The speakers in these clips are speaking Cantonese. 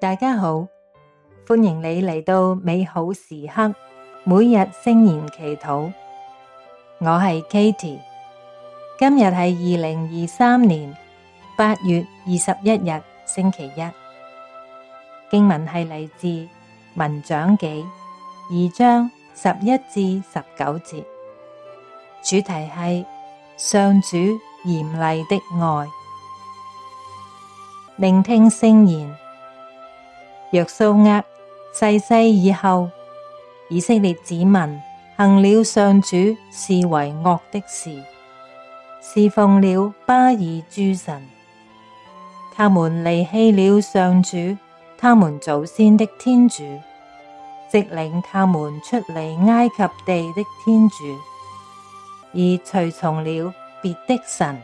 大家好，歡迎你嚟到美好時刻，每日聖言祈禱。我係 Katie，今日係二零二三年八月二十一日星期一。經文係嚟自《民長紀》二章十一至十九節，主題係上主嚴厲的愛。聆聽聖言。若蘇厄逝世以後，以色列子民行了上主視為惡的事，事奉了巴耳諸神。他們離棄了上主，他們祖先的天主，即領他們出離埃及地的天主，而隨從了別的神，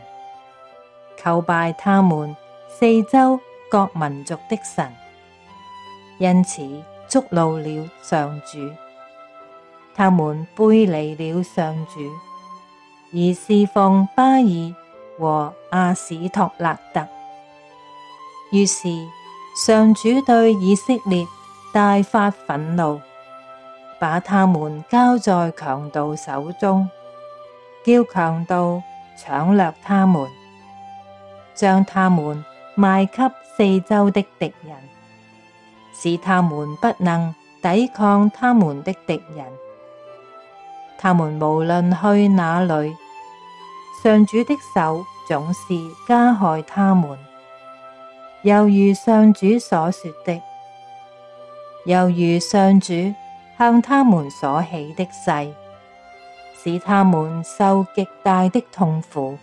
叩拜他們四周各民族的神。因此捉怒了上主，他們背離了上主，而事奉巴耳和阿市托勒特。於是上主對以色列大發忿怒，把他們交在強盜手中，叫強盜搶掠他們，將他們賣給四周的敵人。使他們不能抵抗他們的敵人，他們無論去哪裏，上主的手總是加害他們。猶如上主所說的，猶如上主向他們所起的誓，使他們受極大的痛苦。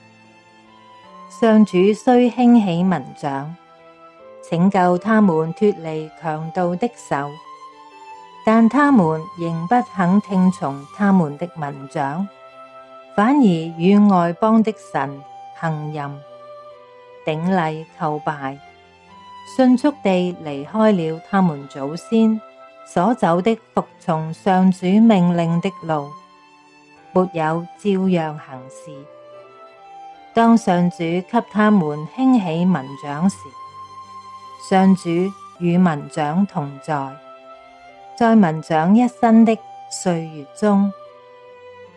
上主雖興起文章民長。拯救他們脫離強盜的手，但他們仍不肯聽從他們的民長，反而與外邦的神行淫、頂禮叩拜，迅速地離開了他們祖先所走的服從上主命令的路，沒有照樣行事。當上主給他們興起民長時。上主與民長同在，在民長一生的歲月中，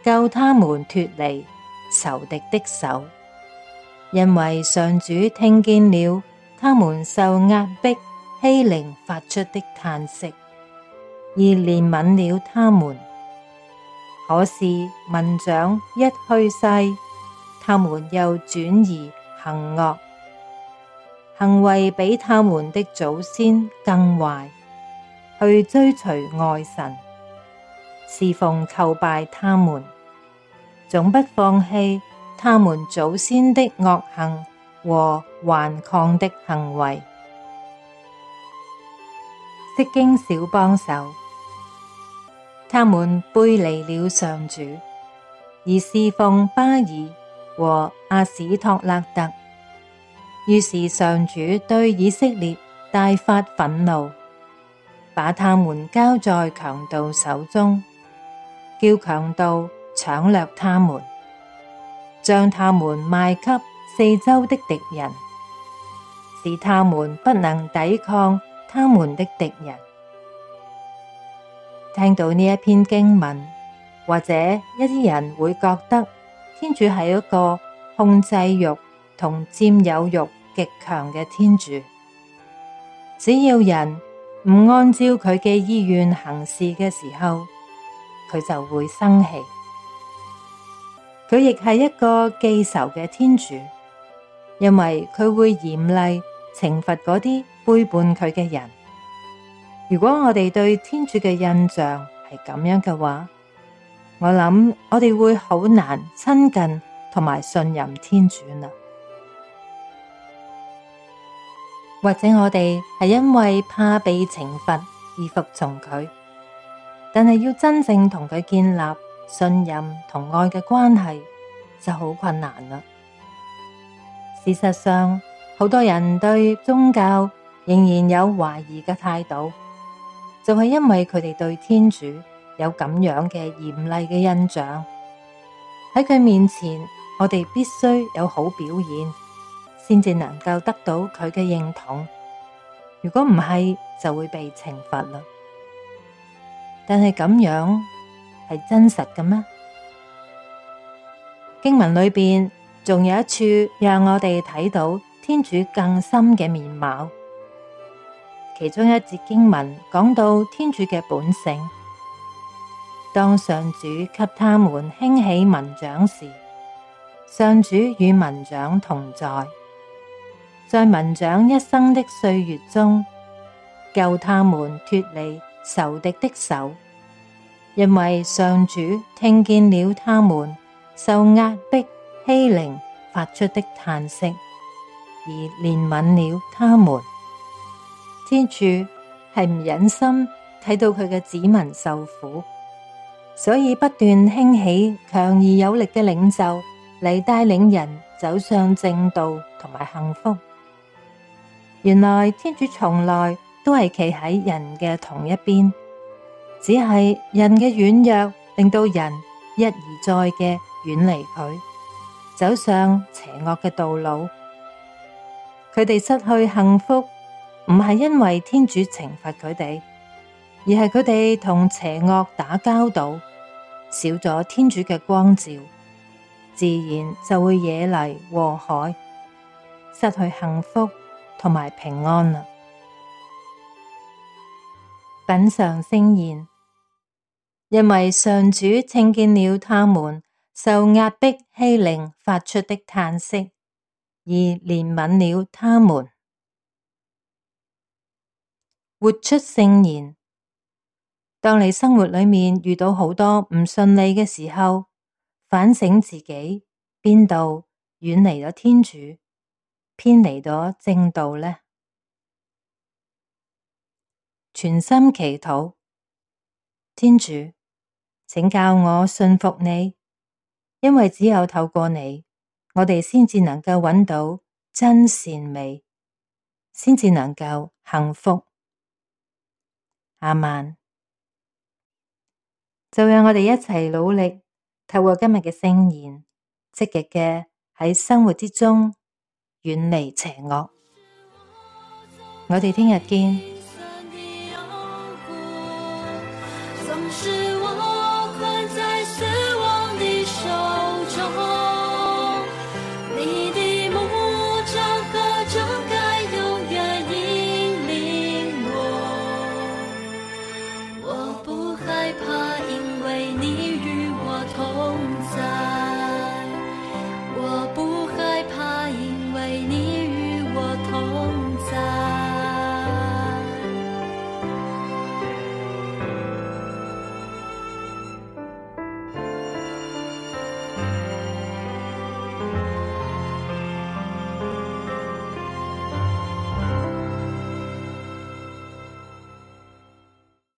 救他們脫離仇敵的手，因為上主聽見了他們受壓迫、欺凌發出的嘆息，而憐憫了他們。可是民長一去世，他們又轉而行惡。行為比他們的祖先更壞，去追隨外神，侍奉叩拜他們，總不放棄他們祖先的惡行和頑抗的行為。釋經小幫手。他們背離了上主，而侍奉巴耳和阿市托勒特。於是上主對以色列大發憤怒，把他們交在強盜手中，叫強盜搶掠他們，將他們賣給四周的敵人，使他們不能抵抗他們的敵人。聽到呢一篇經文，或者一啲人會覺得天主係一個控制欲同佔有欲。極強嘅天主，只要人唔按照佢嘅意願行事嘅時候，佢就會生氣。佢亦係一個記仇嘅天主，因為佢會嚴厲懲罰嗰啲背叛佢嘅人。如果我哋對天主嘅印象係咁樣嘅話，我諗我哋會好難親近同埋信任天主啦。或者我哋係因為怕被懲罰而服從佢，但係要真正同佢建立信任同愛嘅關係就好困難啦。事實上，好多人對宗教仍然有懷疑嘅態度，就係因為佢哋對天主有咁樣嘅嚴厲嘅印象，喺佢面前，我哋必須有好表現。先至能夠得到佢嘅認同，如果唔係，就會被懲罰啦。但係咁樣係真實嘅咩？經文裏邊仲有一處讓我哋睇到天主更深嘅面貌。其中一節經文講到天主嘅本性，當上主給他們興起民長時，上主與民長同在。在民長一生的歲月中，救他們脫離仇敵的手，因為上主聽見了他們受壓迫欺凌發出的嘆息，而憐憫了他們。天主係唔忍心睇到佢嘅子民受苦，所以不斷興起強而有力嘅領袖嚟帶領人走上正道同埋幸福。原來天主從來都係企喺人嘅同一邊，只係人嘅軟弱令到人一而再嘅遠離佢，走上邪惡嘅道路。佢哋失去幸福，唔係因為天主懲罰佢哋，而係佢哋同邪惡打交道，少咗天主嘅光照，自然就會惹嚟禍害，失去幸福，同埋平安啊，品嘗聖言，因為上主聽見了他們受壓迫欺凌發出的嘆息，而憐憫了他們，活出聖言。當你生活裏面遇到好多唔順利嘅時候，反省自己邊度遠離咗天主。偏離咗正道呢？全心祈禱，天主，請教我信服你，因為只有透過你，我哋先至能夠揾到真善美，先至能夠幸福。阿曼，就讓我哋一齊努力，透過今日嘅聖言，積極嘅喺生活之中，遠離邪惡，我哋聽日見。